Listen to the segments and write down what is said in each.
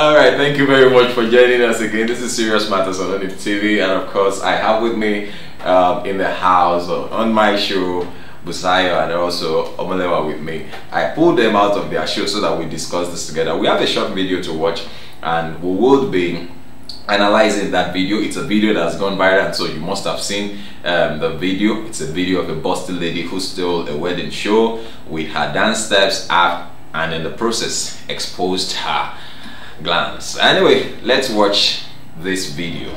All right, thank you very much for joining us again. This is Serious Matters on Olive TV, and of course, I have with me um, in the house on my show. Busayo and also Omalewa with me. I pulled them out of their show so that we discuss this together. We have a short video to watch and we will be analyzing that video. It's a video that's gone viral and so you must have seen um, the video. It's a video of a busty lady who stole a wedding show with her dance steps up, and in the process exposed her glance. Anyway, let's watch this video.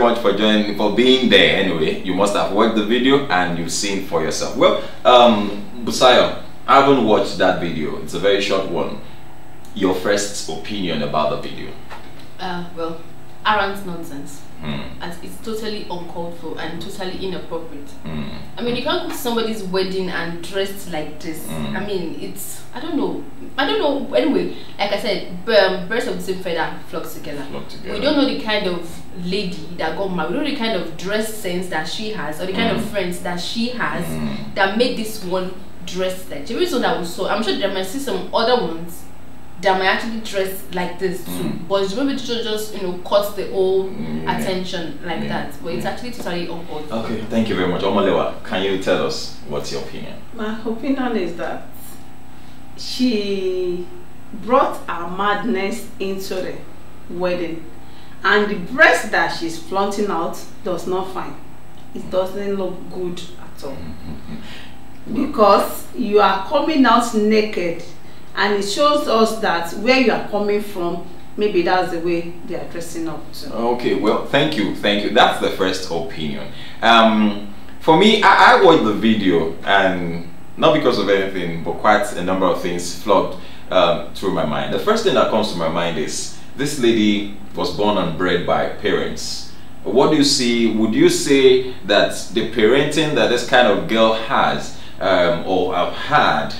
much for joining, for being there anyway. You must have watched the video and you've seen for yourself. Well, um, Busayo, I haven't watched that video. It's a very short one. Your first opinion about the video? Uh, well, Aaron's nonsense. Mm. And it's totally uncalled for and totally inappropriate. Mm. I mean, you can't go to somebody's wedding and dress like this. Mm. I mean, it's I don't know. I don't know. Anyway, like I said, um, birds of the same feather flock together. flock together. We don't know the kind of lady that got married. We don't know the kind of dress sense that she has, or the kind of mm. friends that she has mm. that made this one dress like. the reason that we saw. I'm sure there might see some other ones they might actually dress like this too. Mm. But maybe to just you know caught the whole mm. attention like mm. that. But it's actually totally awkward. Okay, thank you very much. Omalewa, can you tell us what's your opinion? My opinion is that she brought her madness into the wedding and the breast that she's flaunting out does not fine. It mm. doesn't look good at all. -hmm. Because you are coming out naked and it shows us that where you are coming from maybe that's the way they are dressing up to. okay well thank you thank you that's the first opinion um, for me I, I, watched the video and not because of anything but quite a number of things flooded um, through my mind the first thing that comes to my mind is this lady was born and bred by parents what do you see would you say that the parenting that this kind of girl has um, or have had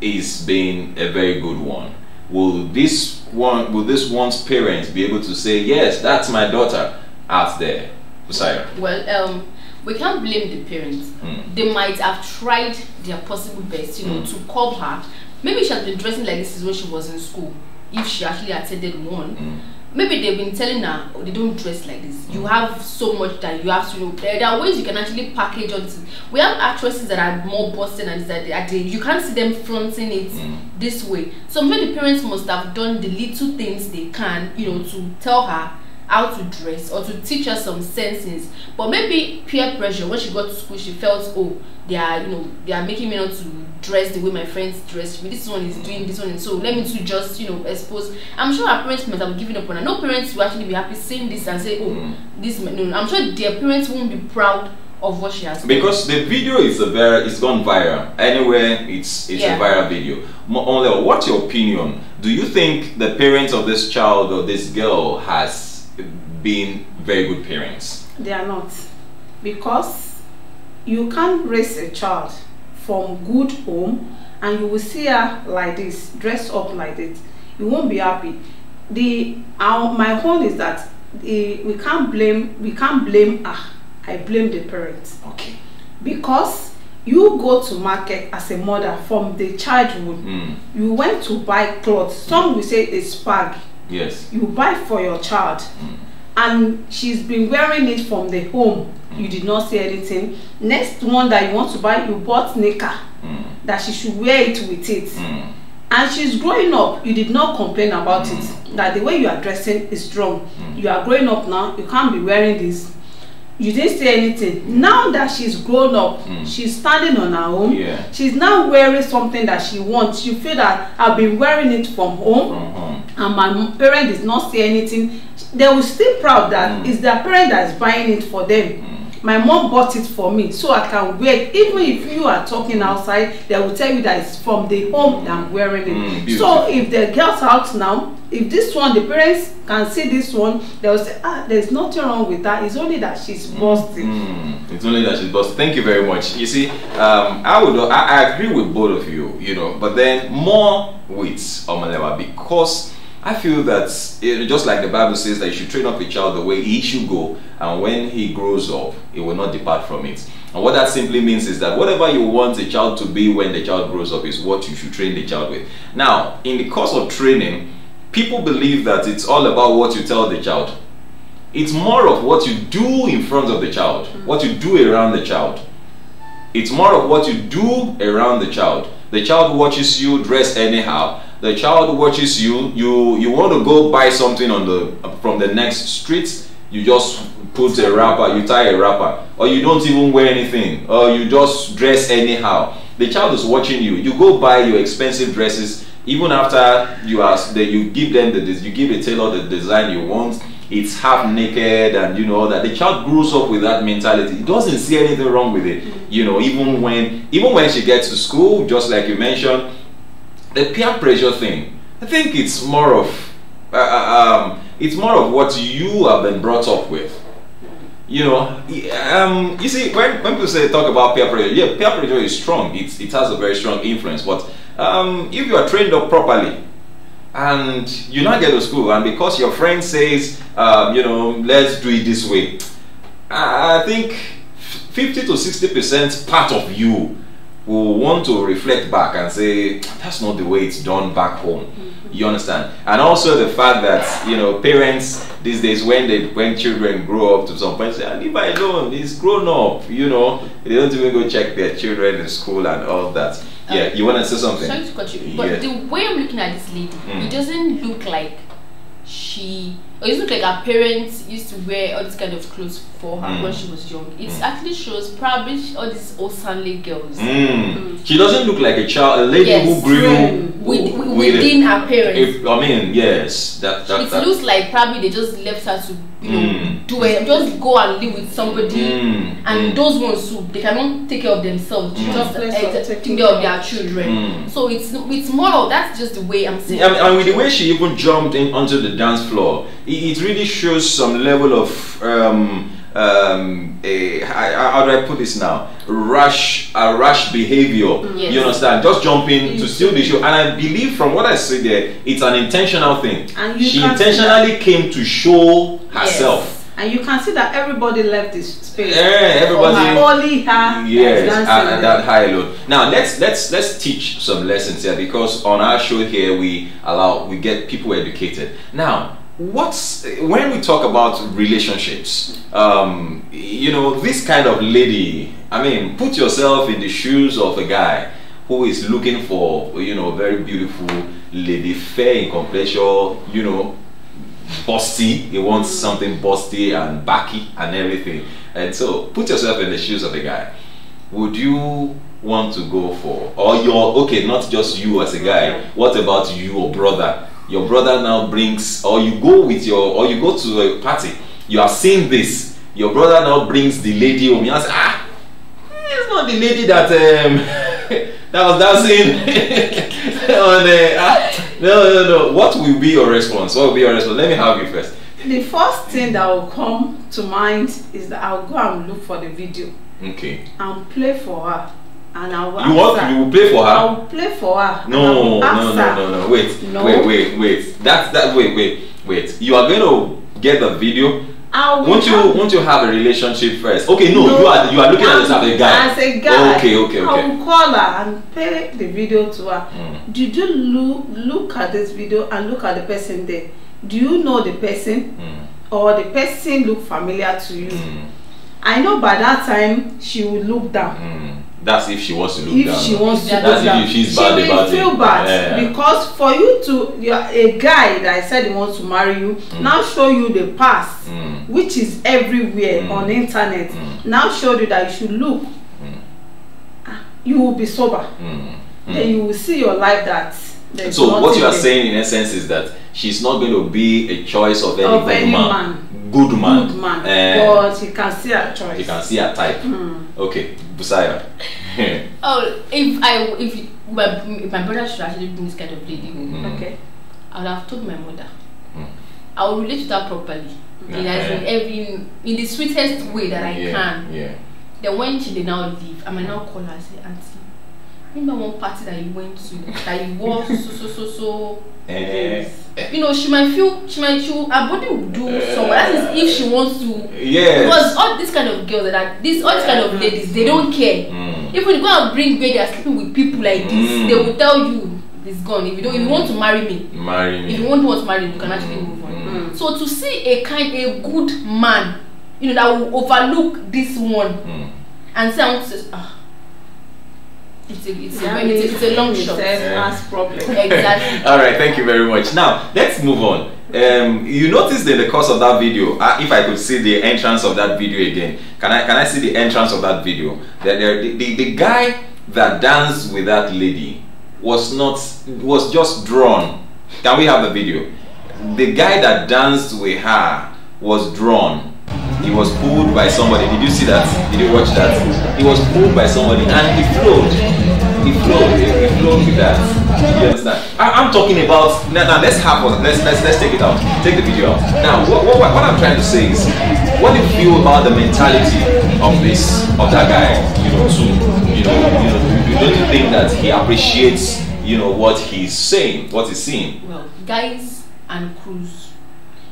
is being a very good one will this one will this one's parents be able to say yes that's my daughter out there Usaya? well um we can't blame the parents mm. they might have tried their possible best you know mm. to curb her maybe she has been dressing like this is when she was in school if she actually attended one mm maybe they've been telling her oh, they don't dress like this you mm. have so much that you have to know there, are ways you can actually package on we have actresses that are more busting and that they, are, they, you can't see them fronting it mm. this way so maybe the parents must have done the little things they can you know to tell her how to dress or to teach her some senses but maybe peer pressure when she got to school she felt oh they are you know they are making me not to dress the way my friends dress me. this one is doing this one and so let me to just you know expose i'm sure her parents might have given up on her no parents will actually be happy seeing this and say oh mm. this no, no i'm sure their parents won't be proud of what she has because done. the video is a very it's gone viral anywhere it's it's yeah. a viral video only what's your opinion do you think the parents of this child or this girl has being very good parents? They are not. Because you can't raise a child from good home and you will see her like this, dressed up like this. You won't be happy. The our, my point is that the, we can't blame we can't blame her. I blame the parents. Okay. Because you go to market as a mother from the childhood. Mm. You went to buy clothes. Some will say it's bag. Yes. You buy for your child. Mm. and she's been wearing it from the home you mm. did not say anything next one that you want to buy you bought knicker mm. that she should wear it with it mm. and she's growing up you did not complain about mm. it that the way you are dressing is wrong mm. you are growing up now you can't be wearing this you didn't say anything now that she's grown up mm. she's standing on her own yeah. she's now wearing something that she wants you feel that i've been wearing it from home, from home. and my parent is not say anything they will still proud that mm. it's their parent that is buying it for them mm. my mom bought it for me so i can wear even if you are talking outside they will tell you that it's from the home mm. that i'm wearing it mm, so if the girls out now if this one the parents can see this one they'll say ah there's nothing wrong with that. it's only that she's mm. busting mm, it's only that she's busting thank you very much you see um, i would I, I, agree with both of you you know but then more with omalewa because i feel that it, just like the bible says that you should train up a child the way he should go and when he grows up he will not depart from it and what that simply means is that whatever you want a child to be when the child grows up is what you should train the child with now in the course of training people believe that it's all about what you tell the child. It's more of what you do in front of the child, mm. what you do around the child. It's more of what you do around the child. The child watches you dress anyhow. The child watches you. You you want to go buy something on the from the next street. You just put a wrapper. You tie a wrapper, or you don't even wear anything, or you just dress anyhow. The child is watching you. You go buy your expensive dresses even after you ask that you give them the you give a tailor the design you want it's half naked and you know that the child grows up with that mentality he doesn't see anything wrong with it you know even when even when she gets to school just like you mentioned the peer pressure thing i think it's more of uh, uh um, it's more of what you have been brought up with you know um, you see when, when people say talk about peer pressure yeah peer pressure is strong it's, it has a very strong influence but um, if you are trained up properly, and you not get to school, and because your friend says, um, you know, let's do it this way, I think 50 to 60 percent part of you will want to reflect back and say, that's not the way it's done back home. Mm-hmm. You understand? And also the fact that, you know, parents these days when they when children grow up to some point say, I leave her alone, he's grown up, you know. They don't even go check their children in school and all that yeah, you want to say something? Sorry to cut you, but yeah. the way I'm looking at this lady, mm. it hmm. doesn't look like she. or It doesn't look like her parents used to wear all this kind of clothes for her mm. when she was young. It mm. actually shows probably all these old Stanley girls. Hmm. Hmm. She doesn't look like a child, a lady yes. who grew with, with, within a, her parents. If, I mean, yes, that, that it that. looks like probably they just left her to you know do it. Just go and live with somebody, mm, and mm. those ones who they cannot take care of themselves, mm. just uh, take care of their children. Mm. So it's it's more of that's just the way I'm saying. I mean, and with the way she even jumped in onto the dance floor, it, it really shows some level of. Um, um, a, how, do I put this now? Rush a rash behavior. Mm, yes. You understand? Just jumping to mm. steal the show, and I believe from what I see there, it's an intentional thing. she intentionally came to show herself. Yes and you can see that everybody left this space. Yeah, everybody. Only her. Yes, and, and that high load. Now let's let's let's teach some lessons here because on our show here we allow we get people educated. Now, what's when we talk about relationships, um, you know, this kind of lady. I mean, put yourself in the shoes of a guy who is looking for you know a very beautiful lady, fair in complexion, you know busty. He wants something busty and backy and everything. And so put yourself in the shoes of a guy. Would you want to go for or your okay, not just you as a guy, what about your brother? Your brother now brings or you go with your or you go to a party, you have seen this, your brother now brings the lady home. You say, ah, eh, it's not the lady that um that was dancing on the uh, ah, no, no, no. What will be your response? What will be your response? Let me have you first. The first thing that will come to mind is that I'll go and look for the video. Okay. And play for her. And I will you want you will play for her? I'll play for her. No, no, no, no, no, no. Wait, no. wait, wait, wait. That's that. Wait, wait, wait. You are going to get the video I Won't you have... Won't you have a relationship first? Okay, no, no you are you are looking at this as a guy. As a guy. Okay, okay, okay. I will call her and play the video to her. Mm. Did you look look at this video and look at the person there? Do you know the person, mm. or the person look familiar to you? Mm. I know by that time she will look down. Mm that's if she wants to look if down. If she wants to that's look down. if she's she bad She will feel bad yeah. because for you to a guy that I said he wants to marry you mm. now show you the past mm. which is everywhere mm. on internet mm. now show you that you should look. Mm. Ah, you will be sober. Mm. Mm. you will see your life that. so what you are saying in essence is that she's not going to be a choice of any, of good any man. man. Good man. Good man. Uh, but you can see her choice. You can see her type. Mm. Okay. Busaya. oh, if I if my, if my brother should actually bring this kind of lady, mm. okay, I would have told my mother. Mm. I will relate to that properly. Yeah. In, yeah. every in the sweetest way that I yeah. can. Yeah. Then when she did now leave, I might now call her and say, Auntie, remember one party that you went to that you wore so so so so. Eh. Yes. you know she might feel she might feel, her body will do uh, somewhere that is if she wants to yes because all these kind of girls like this all these kind of eh. ladies they don't care mm. if you go and bring where they are sleeping with people like mm. this hmm. they will tell you it's gone if you don't if you want to marry me marry me if you want to marry me you can actually hmm. move on mm. so to see a kind a good man you know that will overlook this one mm. and say i want to say ah it's a, it's, a, it's, it's a long shot. problem. exactly. All right, thank you very much. Now, let's move on. Um, you noticed in the course of that video, uh, if I could see the entrance of that video again, can I can I see the entrance of that video? The, the, the, the guy that danced with that lady was not was just drawn. Can we have the video? The guy that danced with her was drawn he was pulled by somebody. Did you see that? Did you watch that? He was pulled by somebody and he flowed. He flowed. He flowed with that. You understand? I, am talking about now. now let's have one. Let's, let's let's take it out. Take the video out. Now, what, what, what I'm trying to say is, what do you feel about the mentality of this of that guy? You know, too. You know, you know, you don't think that he appreciates you know what he's saying, what he's seeing. Well, guys and crews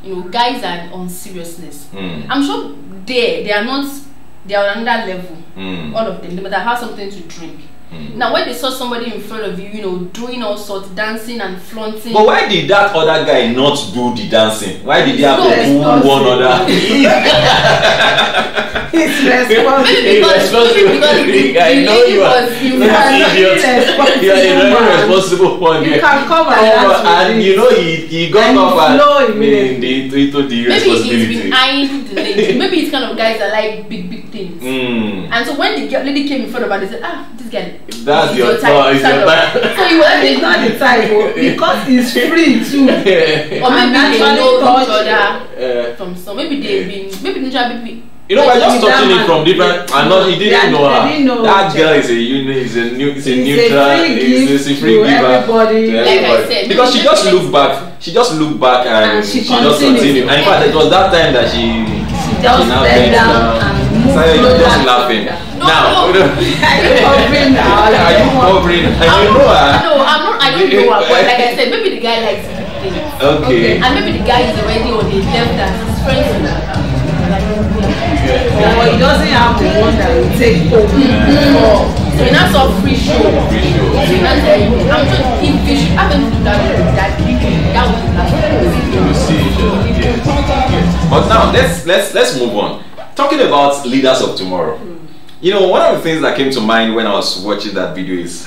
you know, guys are on seriousness. Mm. I'm sure they they are not they are on that level. Mm. All of them, they might have something to drink. Mm. Now, when they saw somebody in front of you, you know, doing all sorts, dancing and flaunting. But why did that other guy not do the dancing? Why did he have to do one other? He's responsible. Maybe responsible. maybe because the, I know you are. Was, you, are you are a very responsible one. You can come and, come and you know he, he got and up and immediately. The, the, the, the responsibility. Maybe he's behind the lady. maybe it's kind of guys that like big big things. Mm. And so when the lady came in front of her, they said, ah that's your, time, so you want it's not the time but because it's free too or maybe they know each other from some maybe they been maybe neutral people you know, we're just touching it from different. I know he didn't know her. that girl is a uni, is a new, is a neutral, is a free giver. To everybody. Like I said, because she just looked back. She just looked back and, she, just continued. And in fact, it was that time that she she, she now bent down. So you're just laughing. No, now, no. covering now. Like, are you covering? I don't know. No, I'm not. I don't know. But like I said, maybe the guy likes things. Okay. okay. And maybe the guy is already on the level that his friends are. Like, yeah. Or he doesn't have the one that will take over. Mm-hmm. So that's all free show. Free show. So that's I'm just if they should have done that that that would be like. You will see each other. Yes. But now let's let's let's move on talking about leaders of tomorrow, mm. you know, one of the things that came to mind when I was watching that video is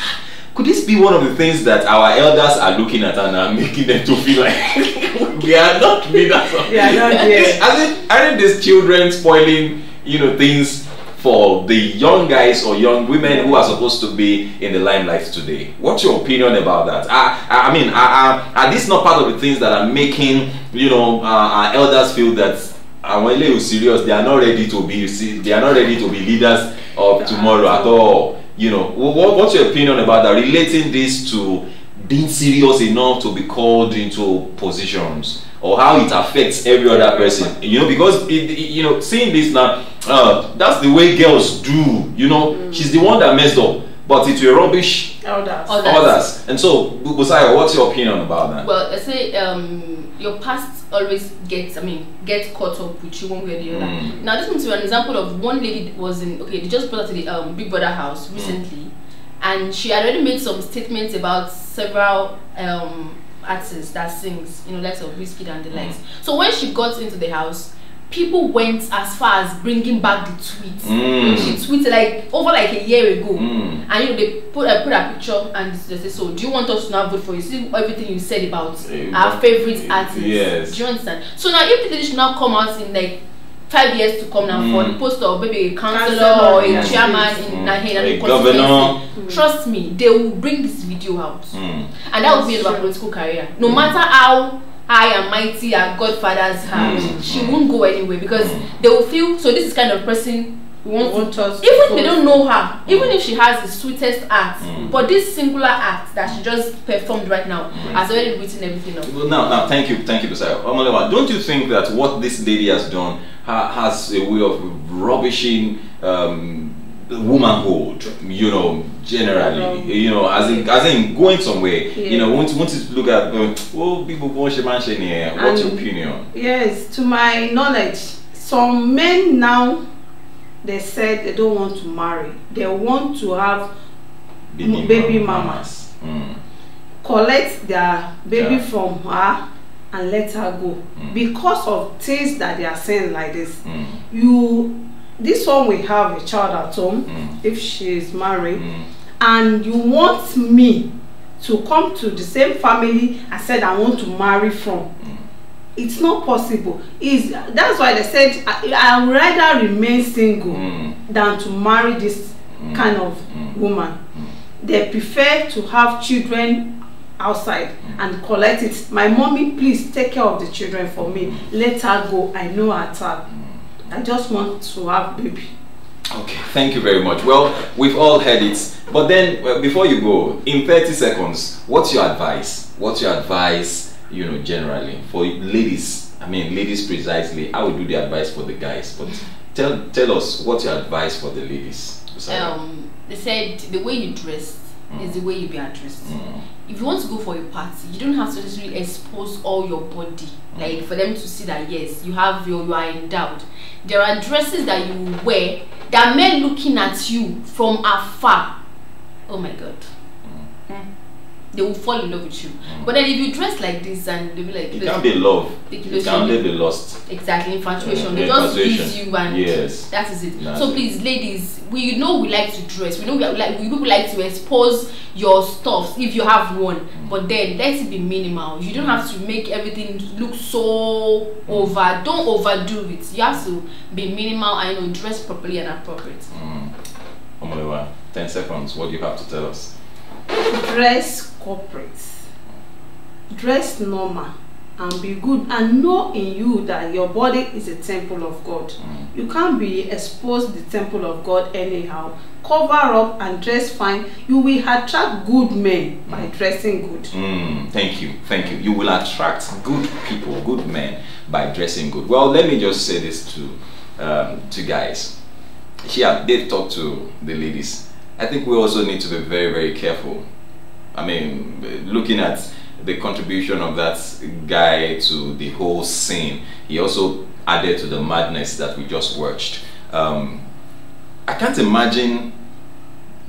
could this be one of the things that our elders are looking at and are making them to feel like we are not leaders of we not aren't these children spoiling, you know, things for the young guys or young women who are supposed to be in the limelight today. What's your opinion about that? I, I mean, are, are, are these not part of the things that are making you know uh, our elders feel that àwọn ilé ò serious they are not ready to be they are not ready to be leaders of tomorrow at ah. all you know what, what's your opinion about that relating this to being serious enough to be called into positions or how it affects every other person you know because it, it, you know seeing this now uh, that's the way girls do you know mm. she's the one that messed up but it will rubbish others. others. others. And so, Busaya, what's your opinion about that? Well, I say um, your past always gets, I mean, gets caught up with you one way or the other. Mm. Now, this is an example of one lady was in, okay, they just brought her to the um, Big Brother house mm. recently, mm. and she already made some statements about several um, artists that sings, you know, likes of Whiskey and the likes. Mm. So, when she got into the house, people went as far as bringing back the tweet. Mm. She tweeted like over like a year ago, mm. and you know they put uh, put a picture and they say, "So do you want us to now vote for you? See everything you said about our favorite artist. Yes. Do you understand? So now if they should now come out in like five years to come now mm. for the post of maybe a councillor or a chairman mm. in Nahena, a governor. Mm. Trust me, they will bring this video out, mm. and that yes, will be about political career. No matter how high and mighty our Godfather's hand, mm. she won't go anywhere because hmm. they will feel so. This is kind of person we want, not want to, us even if they don't know her, hmm. even if she has the sweetest act, hmm. but this singular act that she just performed right now has already written everything up. Well, now, now, thank you, thank you, Messiah. Don't you think that what this lady has done has a way of rubbishing? Um, womanhood, you know, generally, um, you know, as in as in going somewhere, yeah. you know, once once you look at oh, people want to mention here. What's your opinion? Yes, to my knowledge, some men now they said they don't want to marry. They want to have baby, baby mamas. mamas. Mm. Collect their baby yeah. from her and let her go mm. because of things that they are saying like this. Mm. You this one will have a child at home mm. if she is married mm. and you want me to come to the same family I said I want to marry from mm. it's not possible is that's why they said I, I would rather remain single mm. than to marry this mm. kind of mm. woman mm. they prefer to have children outside mm. and collect it my mommy please take care of the children for me mm. let her go I know her time. Mm. I just want to have baby. Okay, thank you very much. Well, we've all heard it. But then, well, before you go, in 30 seconds, what's your advice? What's your advice, you know, generally for ladies? I mean, ladies precisely. I would do the advice for the guys, but tell tell us what's your advice for the ladies. Um, they said the way you dress mm. is the mm. way you be addressed. Mm if you want to go for a party, you don't have to necessarily expose all your body. Like for them to see that yes, you have your you are endowed. There are dresses that you wear that men looking at you from afar. Oh my god they will fall in love with you. Mm. But then if you dress like this and they'll be like, it can't be love. It can't be lost. Exactly, infatuation. Mm, just gives you and yes. that is it. That's so please, ladies, we know we like to dress. We know we like we people like to expose your stuffs if you have one. Mm. But then let it be minimal. You don't mm. have to make everything look so over. Don't overdo it. You have to be minimal and you know, dress properly and appropriate. Mm. ten seconds. What do you have to tell us? Dress corporate. Dress normal and be good and know in you that your body is a temple of God. Mm. You can't be exposed the temple of God anyhow. Cover up and dress fine. You will attract good men mm. by dressing good. Mm. Thank you. Thank you. You will attract good people, good men by dressing good. Well, let me just say this to um, to guys. Here, they talk to the ladies. I think we also need to be very, very careful I mean, looking at the contribution of that guy to the whole scene, he also added to the madness that we just watched. Um, I can't imagine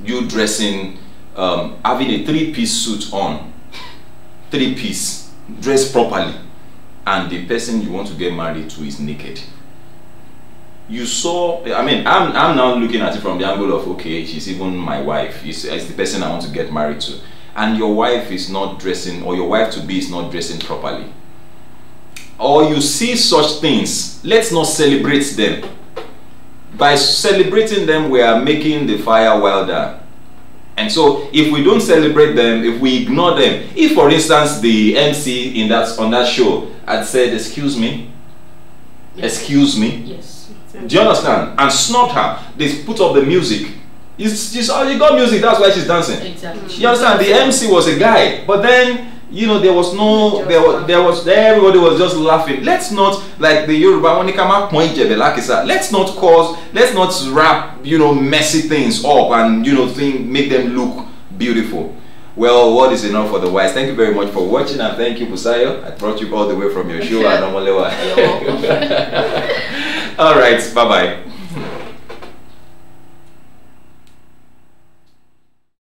you dressing, um, having a three-piece suit on, three-piece, dressed properly, and the person you want to get married to is naked you saw i mean i'm i'm now looking at it from the angle of okay she's even my wife it's, it's, the person i want to get married to and your wife is not dressing or your wife to be is not dressing properly or you see such things let's not celebrate them by celebrating them we are making the fire wilder and so if we don't celebrate them if we ignore them if for instance the mc in that on that show had said excuse me yes. excuse me yes do you understand and snubbed her they put up the music you, you saw you got music. That's why she's dancing. Exactly. You understand? The MC was a guy, but then you know there was no there was there was everybody was just laughing. Let's not like the Yoruba when it come out point Let's not cause let's not wrap you know messy things up and you know thing make them look beautiful. Well, what is enough for the wise? Thank you very much for watching and thank you, Busayo. I brought you all the way from your show and All right, bye bye.